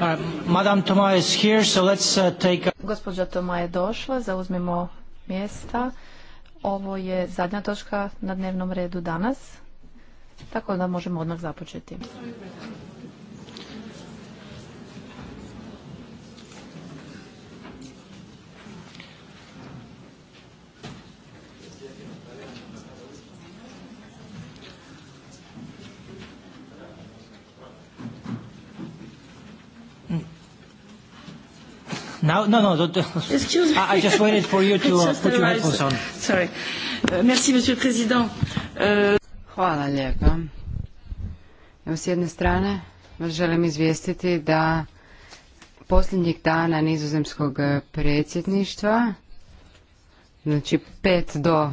Uh, uh, Gospođa Toma je došla, zauzmimo mjesta. Ovo je zadnja točka na dnevnom redu danas, tako da možemo odmah započeti. Now, no, no, don't, Excuse me. I, I just waited for you to uh, put your headphones on. Sorry. Uh, merci, Monsieur le Président. Uh... Hvala lijepa. Evo s jedne strane vas želim izvijestiti da posljednjeg dana nizozemskog predsjedništva, znači 5 do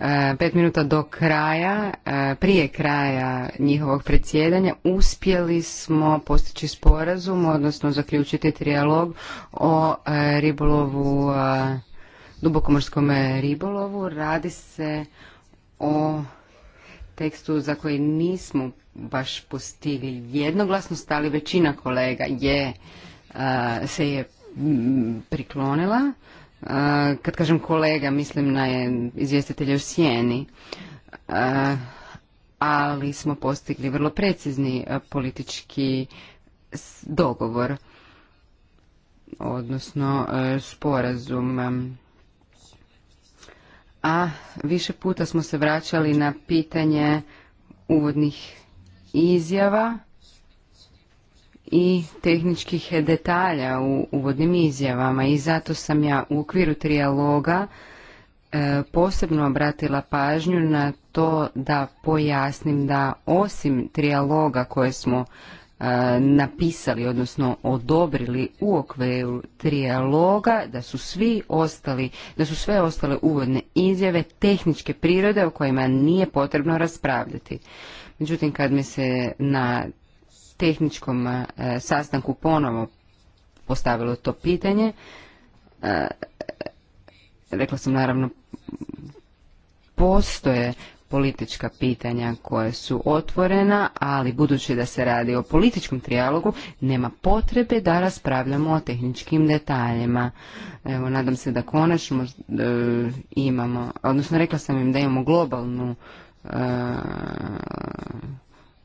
E, pet minuta do kraja, e, prije kraja njihovog predsjedanja, uspjeli smo postići sporazum, odnosno zaključiti trijalog o e, ribolovu, dubokomorskom ribolovu. Radi se o tekstu za koji nismo baš postigli jednoglasnost, ali većina kolega je, se je priklonila Eh, kad kažem kolega, mislim na izvjestitelje u sjeni, eh, ali smo postigli vrlo precizni eh, politički dogovor, odnosno sporazum. A više puta smo se vraćali na pitanje uvodnih izjava i tehničkih detalja u uvodnim izjavama i zato sam ja u okviru trijaloga e, posebno obratila pažnju na to da pojasnim da osim trijaloga koje smo e, napisali, odnosno odobrili u okviru trijaloga, da su svi ostali, da su sve ostale uvodne izjave tehničke prirode o kojima nije potrebno raspravljati. Međutim, kad me se na tehničkom e, sastanku ponovo postavilo to pitanje. E, rekla sam naravno, postoje politička pitanja koje su otvorena, ali budući da se radi o političkom trijalogu, nema potrebe da raspravljamo o tehničkim detaljima. Evo, nadam se da konačno e, imamo, odnosno rekla sam im da imamo globalnu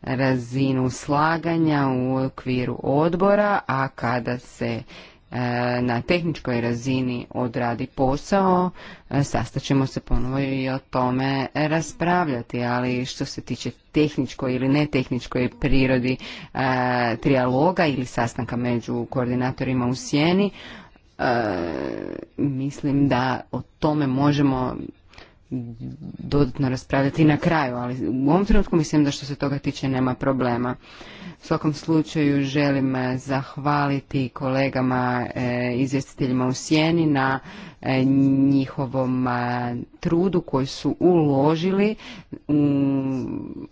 razinu slaganja u okviru odbora, a kada se e, na tehničkoj razini odradi posao, e, sastaćemo se ponovo i o tome raspravljati, ali što se tiče tehničkoj ili netehničkoj prirodi trialoga e, trijaloga ili sastanka među koordinatorima u sjeni, mislim da o tome možemo dodatno raspravljati na kraju, ali u ovom trenutku mislim da što se toga tiče nema problema. U svakom slučaju želim eh, zahvaliti kolegama eh, izvjestiteljima u Sjeni na eh, njihovom trudu koji su uložili u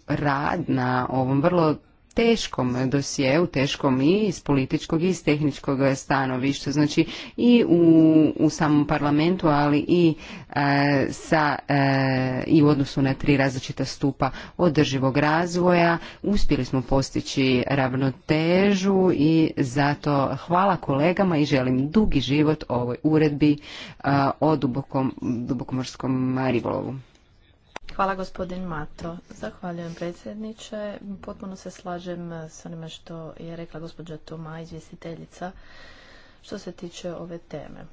rad na ovom vrlo teškom dosjeu, teškom i iz političkog i iz tehničkog stanovišta. Znači i u, u samom parlamentu, ali i e, sa e, i u odnosu na tri različita stupa održivog razvoja uspjeli smo postići ravnotežu i zato hvala kolegama i želim dugi život ovoj uredbi e, o dubokom, dubokomorskom ribolovu. Hvala gospodin Mato. Zahvaljujem predsjedniče. Potpuno se slažem s onime što je rekla gospođa Toma, izvjestiteljica, što se tiče ove teme.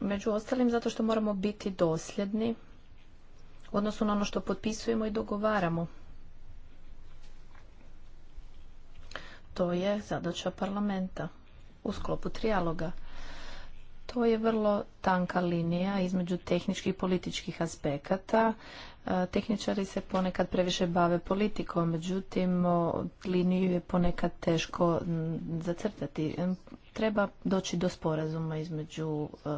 Među ostalim zato što moramo biti dosljedni u odnosu na ono što potpisujemo i dogovaramo. To je zadaća parlamenta u sklopu trijaloga. To je vrlo tanka linija između tehničkih i političkih aspekata. E, tehničari se ponekad previše bave politikom, međutim liniju je ponekad teško zacrtati. E, treba doći do sporazuma između e,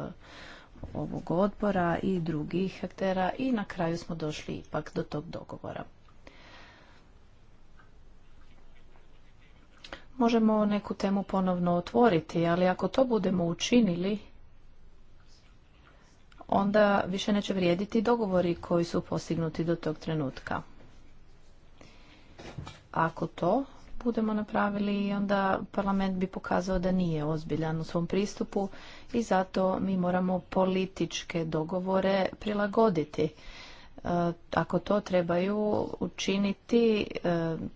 ovog odbora i drugih aktera i na kraju smo došli ipak do tog dogovora. Možemo neku temu ponovno otvoriti, ali ako to budemo učinili, onda više neće vrijediti dogovori koji su postignuti do tog trenutka. Ako to budemo napravili, onda parlament bi pokazao da nije ozbiljan u svom pristupu i zato mi moramo političke dogovore prilagoditi E, ako to trebaju učiniti e,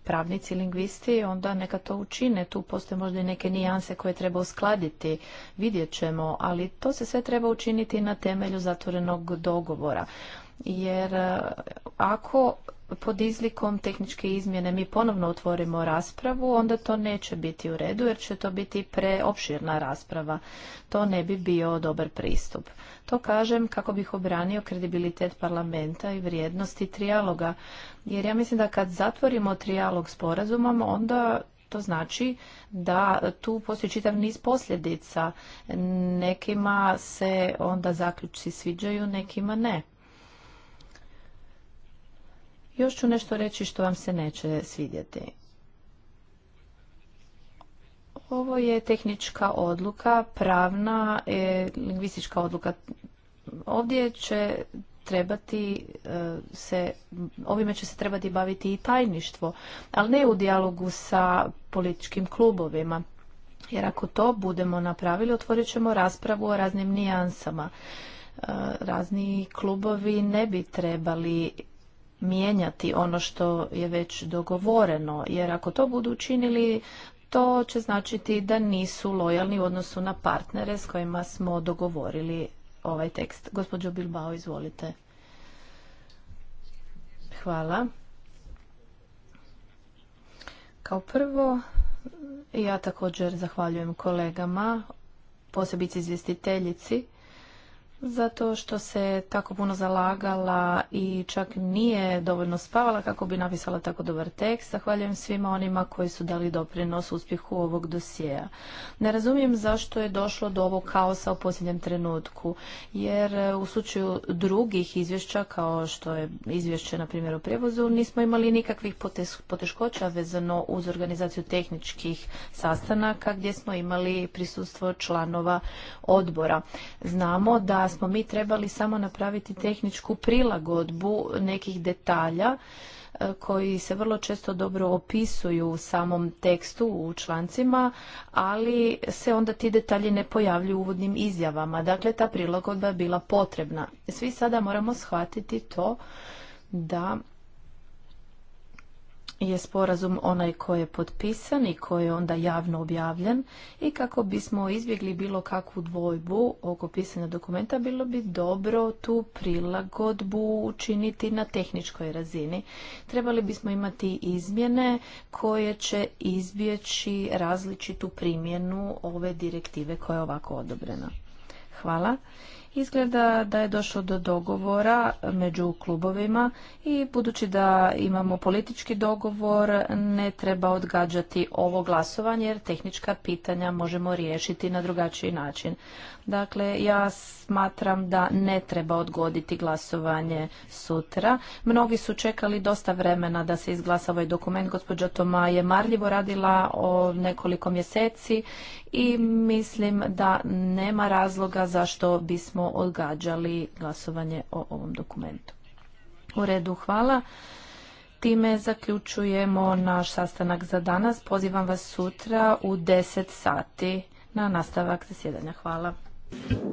pravnici, lingvisti, onda neka to učine. Tu postoje možda i neke nijanse koje treba uskladiti, vidjet ćemo, ali to se sve treba učiniti na temelju zatvorenog dogovora. Jer e, ako pod izlikom tehničke izmjene mi ponovno otvorimo raspravu, onda to neće biti u redu jer će to biti preopširna rasprava. To ne bi bio dobar pristup. To kažem kako bih obranio kredibilitet parlamenta i vrijednosti trijaloga. Jer ja mislim da kad zatvorimo trijalog porazumom, onda to znači da tu postoji čitav niz posljedica. Nekima se onda zaključci sviđaju, nekima ne. Još ću nešto reći što vam se neće svidjeti. Ovo je tehnička odluka, pravna, e, lingvistička odluka. Ovdje će trebati e, se, ovime će se trebati baviti i tajništvo, ali ne u dijalogu sa političkim klubovima. Jer ako to budemo napravili, otvorit ćemo raspravu o raznim nijansama. E, razni klubovi ne bi trebali mijenjati ono što je već dogovoreno, jer ako to budu učinili, to će značiti da nisu lojalni u odnosu na partnere s kojima smo dogovorili ovaj tekst. Gospođo Bilbao, izvolite. Hvala. Kao prvo, ja također zahvaljujem kolegama, posebice izvjestiteljici, zato što se tako puno zalagala i čak nije dovoljno spavala kako bi napisala tako dobar tekst. Zahvaljujem svima onima koji su dali doprinos uspjehu ovog dosjeja. Ne razumijem zašto je došlo do ovog kaosa u posljednjem trenutku, jer e, u slučaju drugih izvješća, kao što je izvješće na primjer o prijevozu, nismo imali nikakvih poteškoća vezano uz organizaciju tehničkih sastanaka gdje smo imali prisustvo članova odbora. Znamo da smo mi trebali samo napraviti tehničku prilagodbu nekih detalja e, koji se vrlo često dobro opisuju u samom tekstu u člancima, ali se onda ti detalji ne pojavljuju u uvodnim izjavama. Dakle, ta prilagodba je bila potrebna. Svi sada moramo shvatiti to da je sporazum onaj koji je potpisan i koji je onda javno objavljen i kako bismo izbjegli bilo kakvu dvojbu oko pisanja dokumenta bilo bi dobro tu prilagodbu učiniti na tehničkoj razini. Trebali bismo imati izmjene koje će izbjeći različitu primjenu ove direktive koja je ovako odobrena. Hvala. Izgleda da je došlo do dogovora među klubovima i budući da imamo politički dogovor ne treba odgađati ovo glasovanje jer tehnička pitanja možemo riješiti na drugačiji način. Dakle, ja smatram da ne treba odgoditi glasovanje sutra. Mnogi su čekali dosta vremena da se izglasa ovaj dokument. Gospođa Toma je marljivo radila o nekoliko mjeseci i mislim da nema razloga zašto bismo odgađali glasovanje o ovom dokumentu. U redu, hvala. Time zaključujemo naš sastanak za danas. Pozivam vas sutra u 10 sati na nastavak zasjedanja. Hvala.